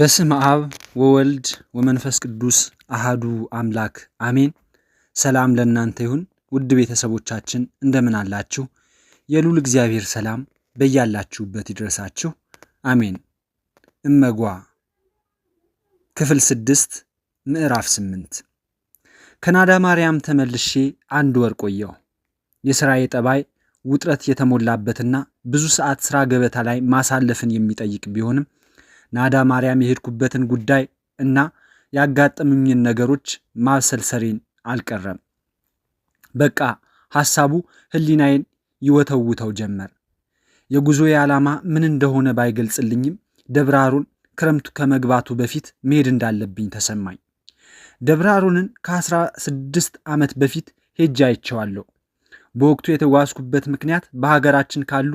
በስም አብ ወወልድ ወመንፈስ ቅዱስ አሃዱ አምላክ አሜን። ሰላም ለእናንተ ይሁን ውድ ቤተሰቦቻችን እንደምን አላችሁ? የሉል እግዚአብሔር ሰላም በያላችሁበት ይድረሳችሁ አሜን። እመጓ ክፍል ስድስት ምዕራፍ ስምንት ከናዳ ማርያም ተመልሼ አንድ ወር ቆየሁ። የሥራዬ ጠባይ ውጥረት የተሞላበትና ብዙ ሰዓት ሥራ ገበታ ላይ ማሳለፍን የሚጠይቅ ቢሆንም ናዳ ማርያም የሄድኩበትን ጉዳይ እና ያጋጠሙኝን ነገሮች ማብሰልሰሌን አልቀረም። በቃ ሐሳቡ ሕሊናዬን ይወተውተው ጀመር። የጉዞዬ ዓላማ ምን እንደሆነ ባይገልጽልኝም ደብራሩን ክረምቱ ከመግባቱ በፊት መሄድ እንዳለብኝ ተሰማኝ። ደብራሩንን ከአስራ ስድስት ዓመት በፊት ሄጄ አይቼዋለሁ። በወቅቱ የተጓዝኩበት ምክንያት በሀገራችን ካሉ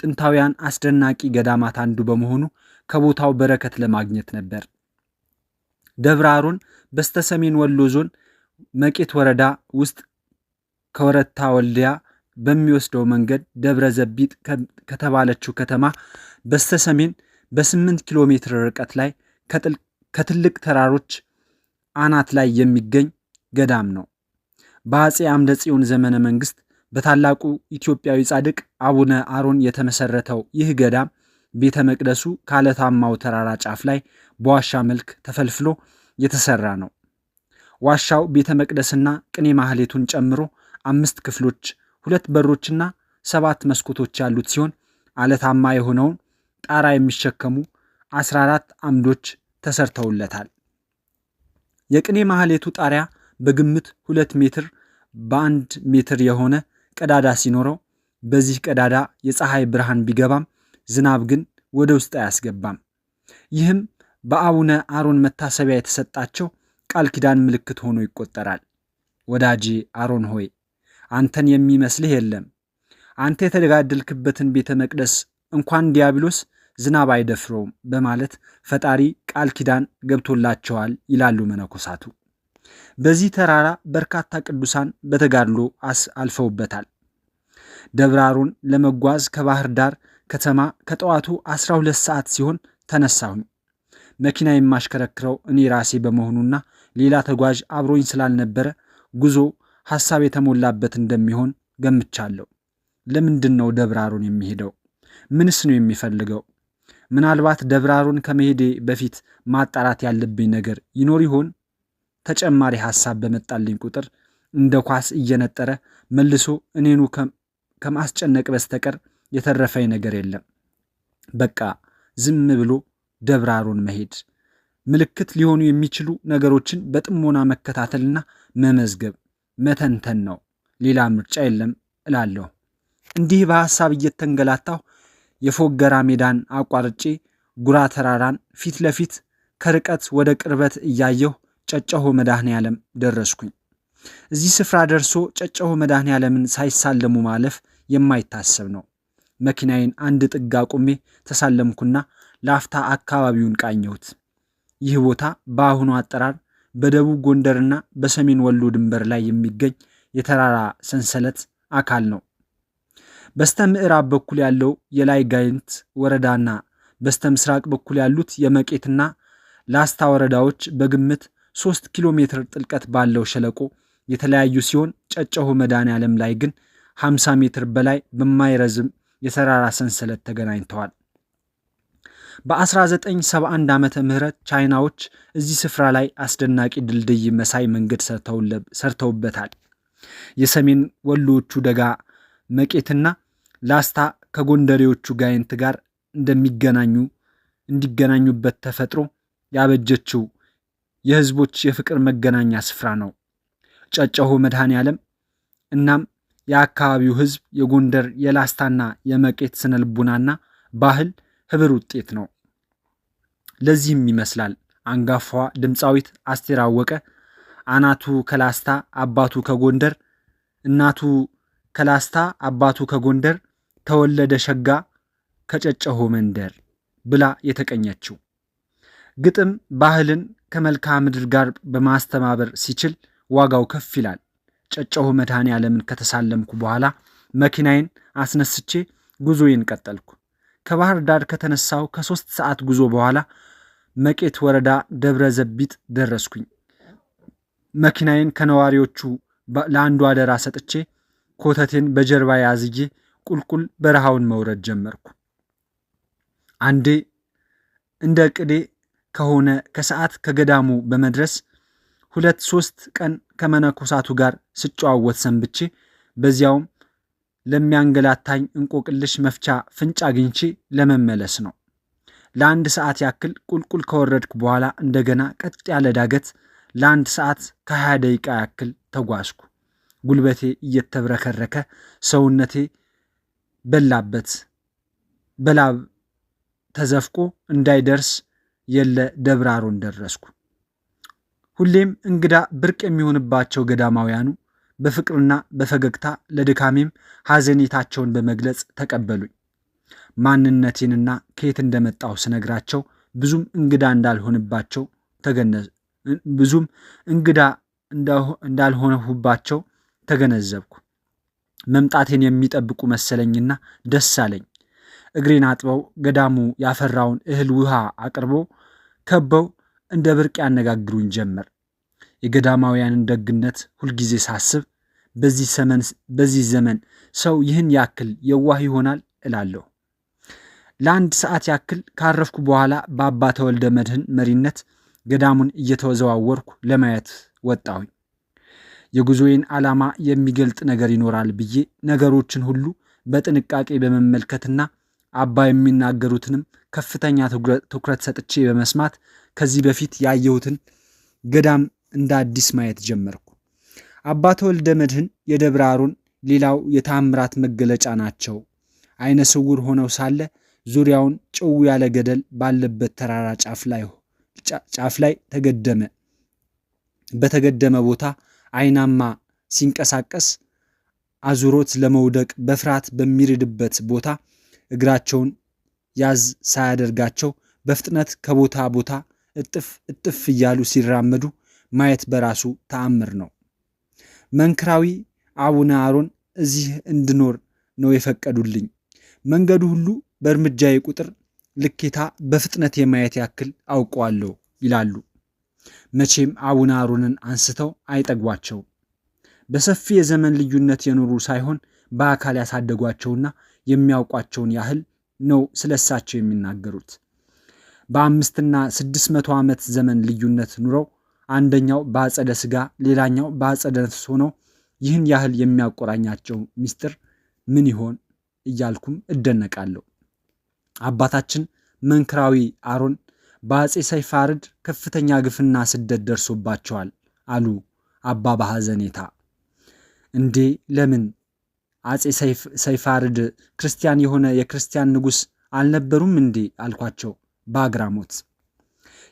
ጥንታውያን አስደናቂ ገዳማት አንዱ በመሆኑ ከቦታው በረከት ለማግኘት ነበር። ደብረ አሮን ሰሜን ወሎ ዞን መቄት ወረዳ ውስጥ ከወረታ ወልዲያ በሚወስደው መንገድ ደብረ ዘቢጥ ከተባለችው ከተማ በስተ በ8 ኪሎ ሜትር ርቀት ላይ ከትልቅ ተራሮች አናት ላይ የሚገኝ ገዳም ነው። በአፄ አምደ ጽዮን ዘመነ መንግስት በታላቁ ኢትዮጵያዊ ጻድቅ አቡነ አሮን የተመሰረተው ይህ ገዳም ቤተ መቅደሱ ከአለታማው ተራራ ጫፍ ላይ በዋሻ መልክ ተፈልፍሎ የተሰራ ነው። ዋሻው ቤተ መቅደስና ቅኔ ማህሌቱን ጨምሮ አምስት ክፍሎች፣ ሁለት በሮችና ሰባት መስኮቶች ያሉት ሲሆን አለታማ የሆነውን ጣራ የሚሸከሙ 14 አምዶች ተሰርተውለታል። የቅኔ ማህሌቱ ጣሪያ በግምት ሁለት ሜትር በአንድ ሜትር የሆነ ቀዳዳ ሲኖረው በዚህ ቀዳዳ የፀሐይ ብርሃን ቢገባም ዝናብ ግን ወደ ውስጥ አያስገባም። ይህም በአቡነ አሮን መታሰቢያ የተሰጣቸው ቃል ኪዳን ምልክት ሆኖ ይቆጠራል። ወዳጄ አሮን ሆይ አንተን የሚመስልህ የለም። አንተ የተደጋደልክበትን ቤተ መቅደስ እንኳን ዲያብሎስ ዝናብ አይደፍረውም በማለት ፈጣሪ ቃል ኪዳን ገብቶላቸዋል ይላሉ መነኮሳቱ። በዚህ ተራራ በርካታ ቅዱሳን በተጋድሎ አልፈውበታል። ደብራሩን ለመጓዝ ከባህር ዳር ከተማ ከጠዋቱ 12 ሰዓት ሲሆን ተነሳሁኝ። መኪና የማሽከረክረው እኔ ራሴ በመሆኑና ሌላ ተጓዥ አብሮኝ ስላልነበረ ጉዞ ሐሳብ የተሞላበት እንደሚሆን ገምቻለሁ። ለምንድን ነው ደብራሩን የሚሄደው? ምንስ ነው የሚፈልገው? ምናልባት ደብራሩን ከመሄዴ በፊት ማጣራት ያለብኝ ነገር ይኖር ይሆን? ተጨማሪ ሐሳብ በመጣልኝ ቁጥር እንደ ኳስ እየነጠረ መልሶ እኔኑ ከማስጨነቅ በስተቀር የተረፈኝ ነገር የለም። በቃ ዝም ብሎ ደብራሩን መሄድ፣ ምልክት ሊሆኑ የሚችሉ ነገሮችን በጥሞና መከታተልና መመዝገብ፣ መተንተን ነው። ሌላ ምርጫ የለም እላለሁ። እንዲህ በሐሳብ እየተንገላታሁ የፎገራ ሜዳን አቋርጬ ጉራ ተራራን ፊት ለፊት ከርቀት ወደ ቅርበት እያየሁ ጨጨሆ መድኃኔ ዓለም ደረስኩኝ። እዚህ ስፍራ ደርሶ ጨጨሆ መድኃኔ ዓለምን ሳይሳለሙ ማለፍ የማይታሰብ ነው። መኪናዬን አንድ ጥግ አቁሜ ተሳለምኩና ላፍታ አካባቢውን ቃኘሁት። ይህ ቦታ በአሁኑ አጠራር በደቡብ ጎንደርና በሰሜን ወሎ ድንበር ላይ የሚገኝ የተራራ ሰንሰለት አካል ነው። በስተ ምዕራብ በኩል ያለው የላይ ጋይንት ወረዳና በስተ ምስራቅ በኩል ያሉት የመቄትና ላስታ ወረዳዎች በግምት ሶስት ኪሎ ሜትር ጥልቀት ባለው ሸለቆ የተለያዩ ሲሆን ጨጨሆ ዓለም ላይ ግን 50 ሜትር በላይ በማይረዝም የሰራራ ሰንሰለት ተገናኝተዋል። በ1971 ዓመተ ምህረት ቻይናዎች እዚህ ስፍራ ላይ አስደናቂ ድልድይ መሳይ መንገድ ሰርተውበታል። የሰሜን ወሎዎቹ ደጋ መቄትና ላስታ ከጎንደሬዎቹ ጋይንት ጋር እንደሚገናኙ እንዲገናኙበት ተፈጥሮ ያበጀችው የህዝቦች የፍቅር መገናኛ ስፍራ ነው። ጨጨሆ መድኃኔ ዓለም። እናም የአካባቢው ህዝብ የጎንደር የላስታና የመቄት ስነልቡናና ባህል ህብር ውጤት ነው። ለዚህም ይመስላል አንጋፋዋ ድምፃዊት አስቴር አወቀ አናቱ ከላስታ አባቱ ከጎንደር እናቱ ከላስታ አባቱ ከጎንደር ተወለደ ሸጋ ከጨጨሆ መንደር ብላ የተቀኘችው ግጥም ባህልን ከመልክዓ ምድር ጋር በማስተባበር ሲችል ዋጋው ከፍ ይላል። ጨጨሆ መድኃኔ ዓለምን ከተሳለምኩ በኋላ መኪናዬን አስነስቼ ጉዞዬን ቀጠልኩ። ከባህር ዳር ከተነሳው ከሶስት ሰዓት ጉዞ በኋላ መቄት ወረዳ ደብረ ዘቢጥ ደረስኩኝ። መኪናዬን ከነዋሪዎቹ ለአንዱ አደራ ሰጥቼ ኮተቴን በጀርባ ያዝዬ ቁልቁል በረሃውን መውረድ ጀመርኩ። አንዴ እንደ ቅዴ ከሆነ ከሰዓት ከገዳሙ በመድረስ ሁለት ሶስት ቀን ከመነኮሳቱ ጋር ስጨዋወት ሰንብቼ በዚያውም ለሚያንገላታኝ እንቆቅልሽ መፍቻ ፍንጭ አግኝቼ ለመመለስ ነው። ለአንድ ሰዓት ያክል ቁልቁል ከወረድኩ በኋላ እንደገና ቀጥ ያለ ዳገት ለአንድ ሰዓት ከ20 ደቂቃ ያክል ተጓዝኩ። ጉልበቴ እየተብረከረከ ሰውነቴ በላበት በላብ ተዘፍቆ እንዳይደርስ የለ ደብራሮን ደረስኩ። ሁሌም እንግዳ ብርቅ የሚሆንባቸው ገዳማውያኑ በፍቅርና በፈገግታ ለድካሜም ሐዘኔታቸውን በመግለጽ ተቀበሉኝ። ማንነቴንና ከየት እንደመጣሁ ስነግራቸው ብዙም እንግዳ እንዳልሆንባቸው ብዙም እንግዳ እንዳልሆነሁባቸው ተገነዘብኩ። መምጣቴን የሚጠብቁ መሰለኝና ደስ አለኝ። እግሬን አጥበው ገዳሙ ያፈራውን እህል ውሃ አቅርቦ ከበው እንደ ብርቅ ያነጋግሩኝ ጀመር። የገዳማውያንን ደግነት ሁልጊዜ ሳስብ በዚህ ዘመን ሰው ይህን ያክል የዋህ ይሆናል እላለሁ። ለአንድ ሰዓት ያክል ካረፍኩ በኋላ በአባ ተወልደ መድህን መሪነት ገዳሙን እየተዘዋወርኩ ለማየት ወጣሁኝ። የጉዞዬን ዓላማ የሚገልጥ ነገር ይኖራል ብዬ ነገሮችን ሁሉ በጥንቃቄ በመመልከትና አባ የሚናገሩትንም ከፍተኛ ትኩረት ሰጥቼ በመስማት ከዚህ በፊት ያየሁትን ገዳም እንደ አዲስ ማየት ጀመርኩ። አባተ ወልደ መድህን የደብረ አሮን ሌላው የታምራት መገለጫ ናቸው። አይነ ስውር ሆነው ሳለ ዙሪያውን ጭው ያለ ገደል ባለበት ተራራ ጫፍ ላይ ተገደመ። በተገደመ ቦታ አይናማ ሲንቀሳቀስ አዙሮት ለመውደቅ በፍርሃት በሚርድበት ቦታ እግራቸውን ያዝ ሳያደርጋቸው በፍጥነት ከቦታ ቦታ እጥፍ እጥፍ እያሉ ሲራመዱ ማየት በራሱ ተአምር ነው። መንክራዊ አቡነ አሮን እዚህ እንድኖር ነው የፈቀዱልኝ። መንገዱ ሁሉ በእርምጃዬ ቁጥር ልኬታ በፍጥነት የማየት ያክል አውቀዋለሁ ይላሉ። መቼም አቡነ አሮንን አንስተው አይጠግቧቸውም። በሰፊ የዘመን ልዩነት የኖሩ ሳይሆን በአካል ያሳደጓቸውና የሚያውቋቸውን ያህል ነው ስለሳቸው የሚናገሩት። በአምስትና ስድስት መቶ ዓመት ዘመን ልዩነት ኑረው አንደኛው በአጸደ ሥጋ ሌላኛው በአጸደ ነፍስ ሆነው ይህን ያህል የሚያቆራኛቸው ምስጢር ምን ይሆን እያልኩም እደነቃለሁ። አባታችን መንክራዊ አሮን በአጼ ሰይፋርድ ከፍተኛ ግፍና ስደት ደርሶባቸዋል አሉ አባ ባሐዘኔታ። እንዴ ለምን አጼ ሰይፋርድ ክርስቲያን የሆነ የክርስቲያን ንጉሥ አልነበሩም እንዴ አልኳቸው። በአግራሞት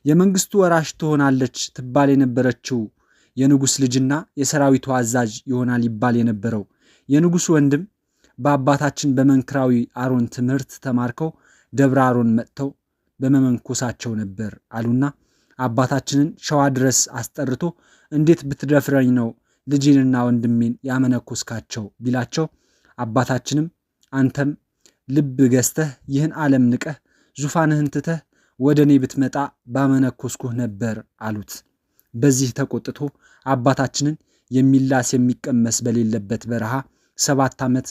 የመንግስቱ ወራሽ ትሆናለች ትባል የነበረችው የንጉሥ ልጅና የሰራዊቱ አዛዥ ይሆናል ይባል የነበረው የንጉሥ ወንድም በአባታችን በመንክራዊ አሮን ትምህርት ተማርከው ደብረ አሮን መጥተው በመመንኮሳቸው ነበር አሉና አባታችንን ሸዋ ድረስ አስጠርቶ እንዴት ብትደፍረኝ ነው ልጅንና ወንድሜን ያመነኮስካቸው ቢላቸው አባታችንም አንተም ልብ ገዝተህ ይህን ዓለም ንቀህ ዙፋንህን ትተህ ወደ እኔ ብትመጣ ባመነኮስኩህ ነበር አሉት። በዚህ ተቆጥቶ አባታችንን የሚላስ የሚቀመስ በሌለበት በረሃ ሰባት ዓመት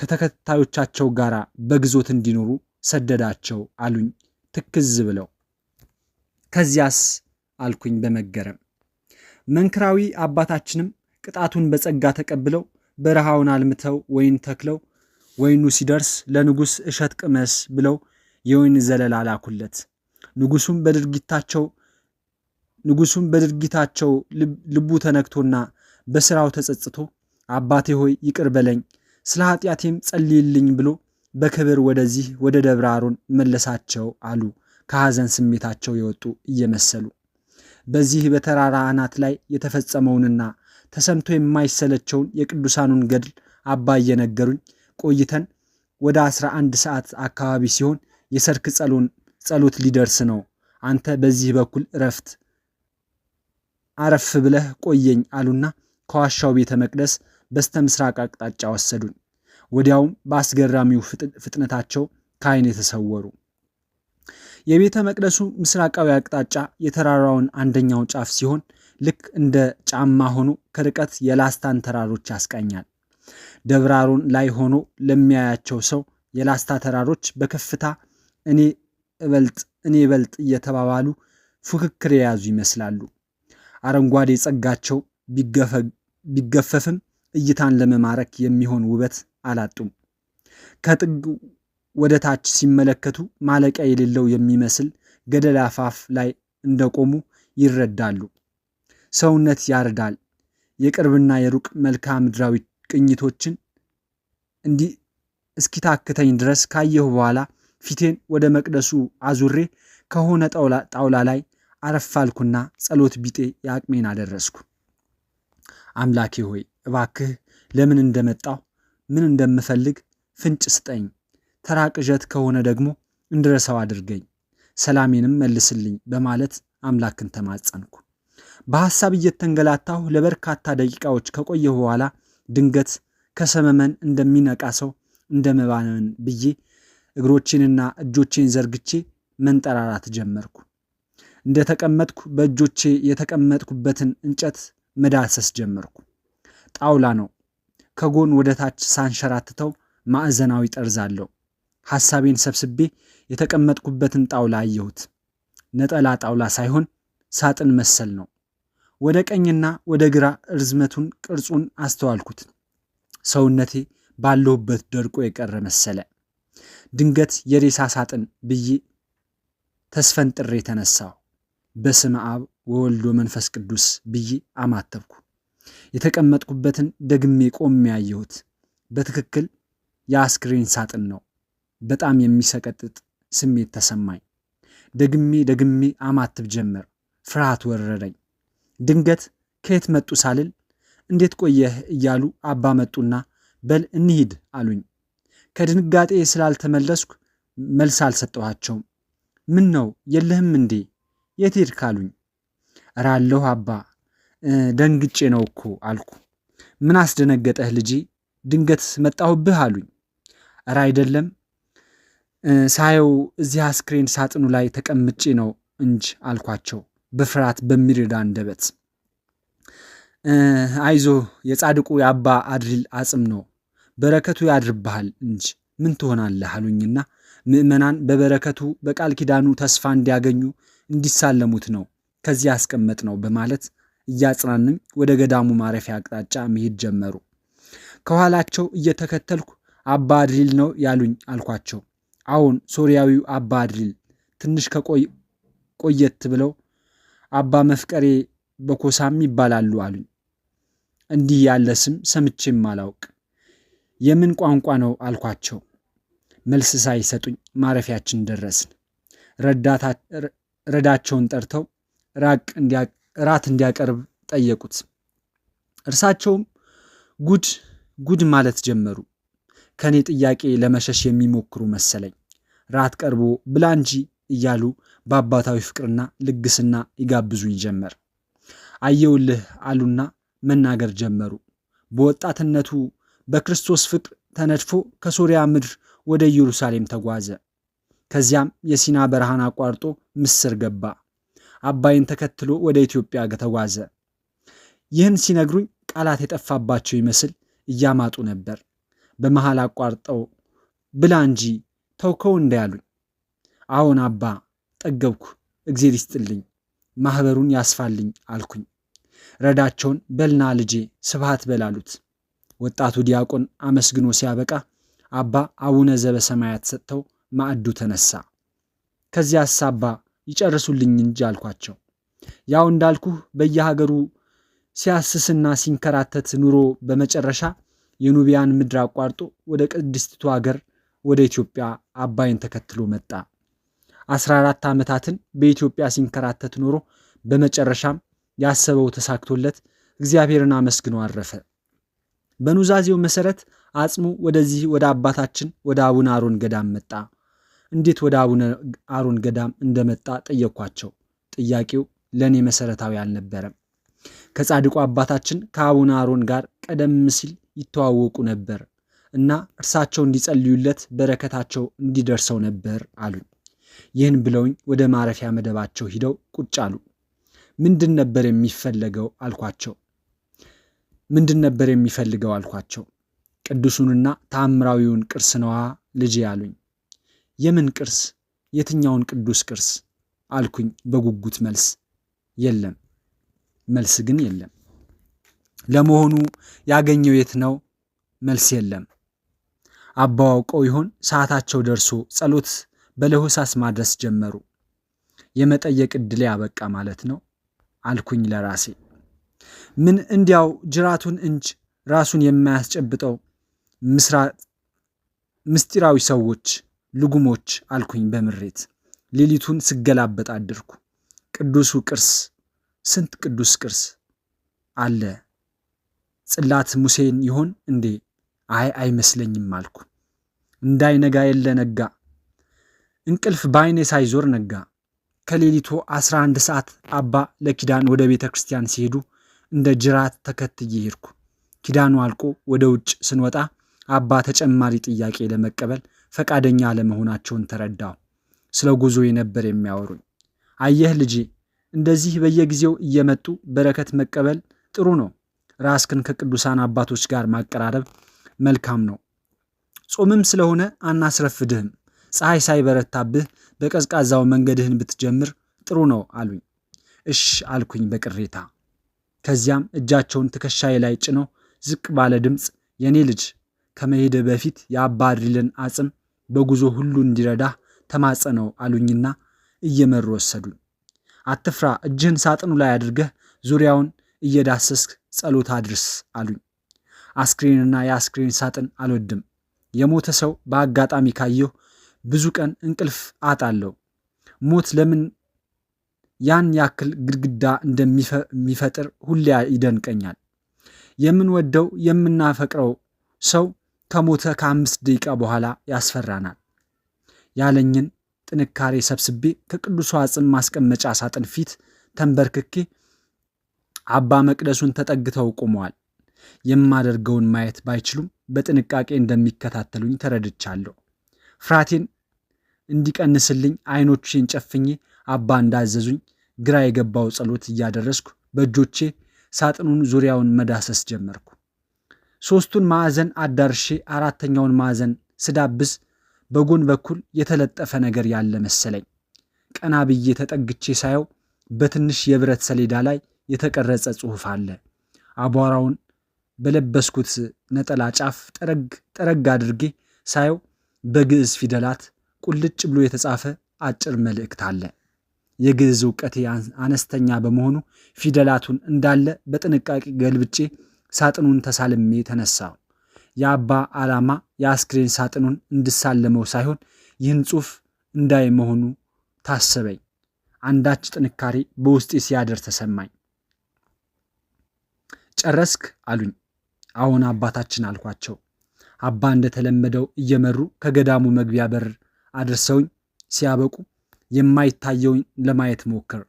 ከተከታዮቻቸው ጋር በግዞት እንዲኖሩ ሰደዳቸው አሉኝ ትክዝ ብለው። ከዚያስ አልኩኝ በመገረም። መንክራዊ አባታችንም ቅጣቱን በጸጋ ተቀብለው በረሃውን አልምተው ወይን ተክለው ወይኑ ሲደርስ ለንጉሥ እሸት ቅመስ ብለው የወይን ዘለላ ላኩለት። ንጉሱም በድርጊታቸው ንጉሱም በድርጊታቸው ልቡ ተነክቶና በስራው ተጸጽቶ አባቴ ሆይ ይቅር በለኝ፣ ስለ ኃጢአቴም ጸልይልኝ ብሎ በክብር ወደዚህ ወደ ደብረ አሮን መለሳቸው አሉ ከሐዘን ስሜታቸው የወጡ እየመሰሉ በዚህ በተራራ አናት ላይ የተፈጸመውንና ተሰምቶ የማይሰለቸውን የቅዱሳኑን ገድል አባ እየነገሩኝ ቆይተን ወደ 11 ሰዓት አካባቢ ሲሆን የሰርክ ጸሎት ሊደርስ ነው። አንተ በዚህ በኩል እረፍት አረፍ ብለህ ቆየኝ አሉና ከዋሻው ቤተ መቅደስ በስተ ምስራቅ አቅጣጫ ወሰዱን። ወዲያውም በአስገራሚው ፍጥነታቸው ከአይን የተሰወሩ። የቤተ መቅደሱ ምስራቃዊ አቅጣጫ የተራራውን አንደኛው ጫፍ ሲሆን ልክ እንደ ጫማ ሆኖ ከርቀት የላስታን ተራሮች ያስቃኛል። ደብራሮን ላይ ሆኖ ለሚያያቸው ሰው የላስታ ተራሮች በከፍታ እኔ እበልጥ እኔ እበልጥ እየተባባሉ ፉክክር የያዙ ይመስላሉ። አረንጓዴ ጸጋቸው ቢገፈፍም እይታን ለመማረክ የሚሆን ውበት አላጡም። ከጥግ ወደ ታች ሲመለከቱ ማለቂያ የሌለው የሚመስል ገደል አፋፍ ላይ እንደቆሙ ይረዳሉ። ሰውነት ያርዳል። የቅርብና የሩቅ መልክዓ ምድራዊ ቅኝቶችን እንዲህ እስኪታክተኝ ድረስ ካየሁ በኋላ ፊቴን ወደ መቅደሱ አዙሬ ከሆነ ጣውላ ላይ አረፋልኩና ጸሎት ቢጤ የአቅሜን አደረስኩ። አምላኬ ሆይ እባክህ ለምን እንደመጣሁ ምን እንደምፈልግ ፍንጭ ስጠኝ። ተራ ቅዠት ከሆነ ደግሞ እንድረሳው አድርገኝ፣ ሰላሜንም መልስልኝ በማለት አምላክን ተማጸንኩ። በሐሳብ እየተንገላታሁ ለበርካታ ደቂቃዎች ከቆየሁ በኋላ ድንገት ከሰመመን እንደሚነቃ ሰው እንደ መባነን ብዬ እግሮቼንና እጆቼን ዘርግቼ መንጠራራት ጀመርኩ። እንደተቀመጥኩ በእጆቼ የተቀመጥኩበትን እንጨት መዳሰስ ጀመርኩ። ጣውላ ነው። ከጎን ወደ ታች ሳንሸራትተው ማዕዘናዊ ጠርዝ አለው። ሐሳቤን ሰብስቤ የተቀመጥኩበትን ጣውላ አየሁት። ነጠላ ጣውላ ሳይሆን ሳጥን መሰል ነው። ወደ ቀኝና ወደ ግራ እርዝመቱን፣ ቅርጹን አስተዋልኩት። ሰውነቴ ባለሁበት ደርቆ የቀረ መሰለ። ድንገት የሬሳ ሳጥን ብዬ ተስፈንጥሬ ተነሳሁ። በስመ አብ ወወልዶ መንፈስ ቅዱስ ብዬ አማተብኩ። የተቀመጥኩበትን ደግሜ ቆሜ ያየሁት በትክክል የአስክሬን ሳጥን ነው። በጣም የሚሰቀጥጥ ስሜት ተሰማኝ። ደግሜ ደግሜ አማትብ ጀመር። ፍርሃት ወረረኝ። ድንገት ከየት መጡ ሳልል እንዴት ቆየህ እያሉ አባ መጡና በል እንሂድ አሉኝ። ከድንጋጤ ስላልተመለስኩ መልስ አልሰጠኋቸውም። ምን ነው የለህም እንዴ? የት ሄድክ አሉኝ። እራለሁ አባ ደንግጬ ነው እኮ አልኩ። ምን አስደነገጠህ ልጄ? ድንገት መጣሁብህ አሉኝ። እረ አይደለም ሳየው እዚህ አስክሬን ሳጥኑ ላይ ተቀምጬ ነው እንጂ አልኳቸው በፍርሃት በሚረዳ አንደበት። አይዞ የጻድቁ የአባ አድሪል አጽም ነው በረከቱ ያድርብሃል እንጂ ምን ትሆናለህ አሉኝና ምእመናን በበረከቱ በቃል ኪዳኑ ተስፋ እንዲያገኙ እንዲሳለሙት ነው ከዚህ ያስቀመጥ ነው በማለት እያጽናኑኝ ወደ ገዳሙ ማረፊያ አቅጣጫ መሄድ ጀመሩ። ከኋላቸው እየተከተልኩ አባ አድሪል ነው ያሉኝ አልኳቸው። አሁን ሶሪያዊው አባ አድሪል ትንሽ ቆየት ብለው አባ መፍቀሬ በኮሳም ይባላሉ አሉኝ። እንዲህ ያለ ስም ሰምቼም አላውቅ የምን ቋንቋ ነው አልኳቸው። መልስ ሳይሰጡኝ ማረፊያችን ደረስን። ረዳቸውን ጠርተው ራት እንዲያቀርብ ጠየቁት። እርሳቸውም ጉድ ጉድ ማለት ጀመሩ። ከእኔ ጥያቄ ለመሸሽ የሚሞክሩ መሰለኝ። ራት ቀርቦ ብላ እንጂ እያሉ በአባታዊ ፍቅርና ልግስና ይጋብዙኝ ጀመር። አየውልህ አሉና መናገር ጀመሩ። በወጣትነቱ በክርስቶስ ፍቅር ተነድፎ ከሶርያ ምድር ወደ ኢየሩሳሌም ተጓዘ። ከዚያም የሲና በረሃን አቋርጦ ምስር ገባ። አባይን ተከትሎ ወደ ኢትዮጵያ ተጓዘ። ይህን ሲነግሩኝ ቃላት የጠፋባቸው ይመስል እያማጡ ነበር። በመሃል አቋርጠው ብላ እንጂ ተውከው እንዳያሉኝ፣ አዎን አባ ጠገብኩ፣ እግዜር ይስጥልኝ፣ ማኅበሩን ያስፋልኝ አልኩኝ። ረዳቸውን በልና ልጄ ስብሃት በላሉት ወጣቱ ዲያቆን አመስግኖ ሲያበቃ አባ አቡነ ዘበሰማያት ሰጥተው ማዕዱ ተነሳ። ከዚያስ አባ ይጨርሱልኝ እንጂ አልኳቸው። ያው እንዳልኩህ በየሀገሩ ሲያስስና ሲንከራተት ኑሮ በመጨረሻ የኑቢያን ምድር አቋርጦ ወደ ቅድስቲቱ አገር ወደ ኢትዮጵያ አባይን ተከትሎ መጣ። አስራ አራት ዓመታትን በኢትዮጵያ ሲንከራተት ኖሮ በመጨረሻም ያሰበው ተሳክቶለት እግዚአብሔርን አመስግኖ አረፈ። በኑዛዜው መሰረት አጽሙ ወደዚህ ወደ አባታችን ወደ አቡነ አሮን ገዳም መጣ። እንዴት ወደ አቡነ አሮን ገዳም እንደመጣ ጠየኳቸው። ጥያቄው ለእኔ መሰረታዊ አልነበረም። ከጻድቁ አባታችን ከአቡነ አሮን ጋር ቀደም ሲል ይተዋወቁ ነበር እና እርሳቸው እንዲጸልዩለት በረከታቸው እንዲደርሰው ነበር አሉኝ። ይህን ብለውኝ ወደ ማረፊያ መደባቸው ሂደው ቁጭ አሉ። ምንድን ነበር የሚፈለገው አልኳቸው። ምንድን ነበር የሚፈልገው አልኳቸው። ቅዱሱንና ተአምራዊውን ቅርስ ነዋ ልጅ ያሉኝ። የምን ቅርስ? የትኛውን ቅዱስ ቅርስ አልኩኝ በጉጉት። መልስ የለም፣ መልስ ግን የለም። ለመሆኑ ያገኘው የት ነው? መልስ የለም። አባዋውቀው ይሆን? ሰዓታቸው ደርሶ ጸሎት በለሆሳስ ማድረስ ጀመሩ። የመጠየቅ ዕድሌ አበቃ ማለት ነው አልኩኝ ለራሴ። ምን እንዲያው ጅራቱን እንጂ ራሱን የማያስጨብጠው ምስጢራዊ ሰዎች ልጉሞች አልኩኝ በምሬት። ሌሊቱን ስገላበጥ አድርኩ ቅዱሱ ቅርስ ስንት ቅዱስ ቅርስ አለ። ጽላት ሙሴን ይሆን እንዴ? አይ አይመስለኝም አልኩ። እንዳይነጋ የለ ነጋ። እንቅልፍ በአይኔ ሳይዞር ነጋ። ከሌሊቱ 11 ሰዓት አባ ለኪዳን ወደ ቤተ ክርስቲያን ሲሄዱ እንደ ጅራት ተከትዬ ሄድኩ። ኪዳኑ አልቆ ወደ ውጭ ስንወጣ አባ ተጨማሪ ጥያቄ ለመቀበል ፈቃደኛ አለመሆናቸውን ተረዳው። ስለ ጉዞ ነበር የሚያወሩኝ። አየህ ልጄ፣ እንደዚህ በየጊዜው እየመጡ በረከት መቀበል ጥሩ ነው። ራስክን ከቅዱሳን አባቶች ጋር ማቀራረብ መልካም ነው። ጾምም ስለሆነ አናስረፍድህም። ፀሐይ ሳይበረታብህ በቀዝቃዛው መንገድህን ብትጀምር ጥሩ ነው አሉኝ። እሽ አልኩኝ በቅሬታ። ከዚያም እጃቸውን ትከሻዬ ላይ ጭነው ዝቅ ባለ ድምፅ የኔ ልጅ ከመሄደ በፊት የአባድሪልን አጽም በጉዞ ሁሉ እንዲረዳህ ተማጸነው አሉኝና እየመሩ ወሰዱኝ። አትፍራ፣ እጅህን ሳጥኑ ላይ አድርገህ ዙሪያውን እየዳሰስክ ጸሎት አድርስ አሉኝ። አስክሬንና የአስክሬን ሳጥን አልወድም። የሞተ ሰው በአጋጣሚ ካየሁ ብዙ ቀን እንቅልፍ አጣለሁ። ሞት ለምን ያን ያክል ግድግዳ እንደሚፈጥር ሁሌ ይደንቀኛል። የምንወደው የምናፈቅረው ሰው ከሞተ ከአምስት ደቂቃ በኋላ ያስፈራናል። ያለኝን ጥንካሬ ሰብስቤ ከቅዱሱ አጽም ማስቀመጫ ሳጥን ፊት ተንበርክኬ አባ መቅደሱን ተጠግተው ቆመዋል። የማደርገውን ማየት ባይችሉም በጥንቃቄ እንደሚከታተሉኝ ተረድቻለሁ። ፍራቴን እንዲቀንስልኝ አይኖቼን ጨፍኜ አባ እንዳዘዙኝ ግራ የገባው ጸሎት እያደረስኩ በእጆቼ ሳጥኑን ዙሪያውን መዳሰስ ጀመርኩ። ሦስቱን ማዕዘን አዳርሼ አራተኛውን ማዕዘን ስዳብስ በጎን በኩል የተለጠፈ ነገር ያለ መሰለኝ። ቀና ብዬ ተጠግቼ ሳየው በትንሽ የብረት ሰሌዳ ላይ የተቀረጸ ጽሑፍ አለ። አቧራውን በለበስኩት ነጠላ ጫፍ ጠረግ ጠረግ አድርጌ ሳየው በግዕዝ ፊደላት ቁልጭ ብሎ የተጻፈ አጭር መልእክት አለ። የግዕዝ እውቀቴ አነስተኛ በመሆኑ ፊደላቱን እንዳለ በጥንቃቄ ገልብጬ ሳጥኑን ተሳልሜ ተነሳው። የአባ ዓላማ የአስክሬን ሳጥኑን እንድሳለመው ሳይሆን ይህን ጽሑፍ እንዳይ መሆኑ ታሰበኝ። አንዳች ጥንካሬ በውስጤ ሲያደር ተሰማኝ። ጨረስክ አሉኝ። አሁን አባታችን አልኳቸው። አባ እንደተለመደው እየመሩ ከገዳሙ መግቢያ በር አድርሰውኝ ሲያበቁ የማይታየውን ለማየት ሞክር።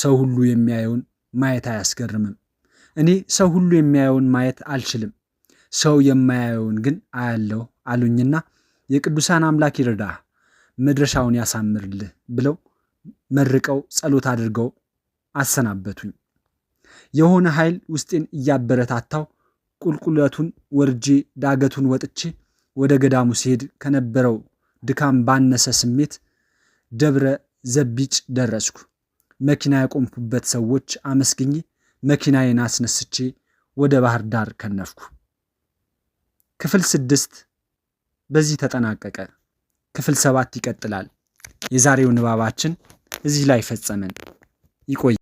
ሰው ሁሉ የሚያየውን ማየት አያስገርምም። እኔ ሰው ሁሉ የሚያየውን ማየት አልችልም፣ ሰው የማያየውን ግን አያለው አሉኝና የቅዱሳን አምላክ ይርዳ፣ መድረሻውን ያሳምርልህ ብለው መርቀው ጸሎት አድርገው አሰናበቱኝ። የሆነ ኃይል ውስጤን እያበረታታው ቁልቁለቱን ወርጄ ዳገቱን ወጥቼ ወደ ገዳሙ ሲሄድ ከነበረው ድካም ባነሰ ስሜት ደብረ ዘቢጭ ደረስኩ። መኪና ያቆምኩበት ሰዎች አመስግኜ መኪናዬን አስነስቼ ወደ ባህር ዳር ከነፍኩ። ክፍል ስድስት በዚህ ተጠናቀቀ። ክፍል ሰባት ይቀጥላል። የዛሬው ንባባችን እዚህ ላይ ፈጸምን። ይቆይ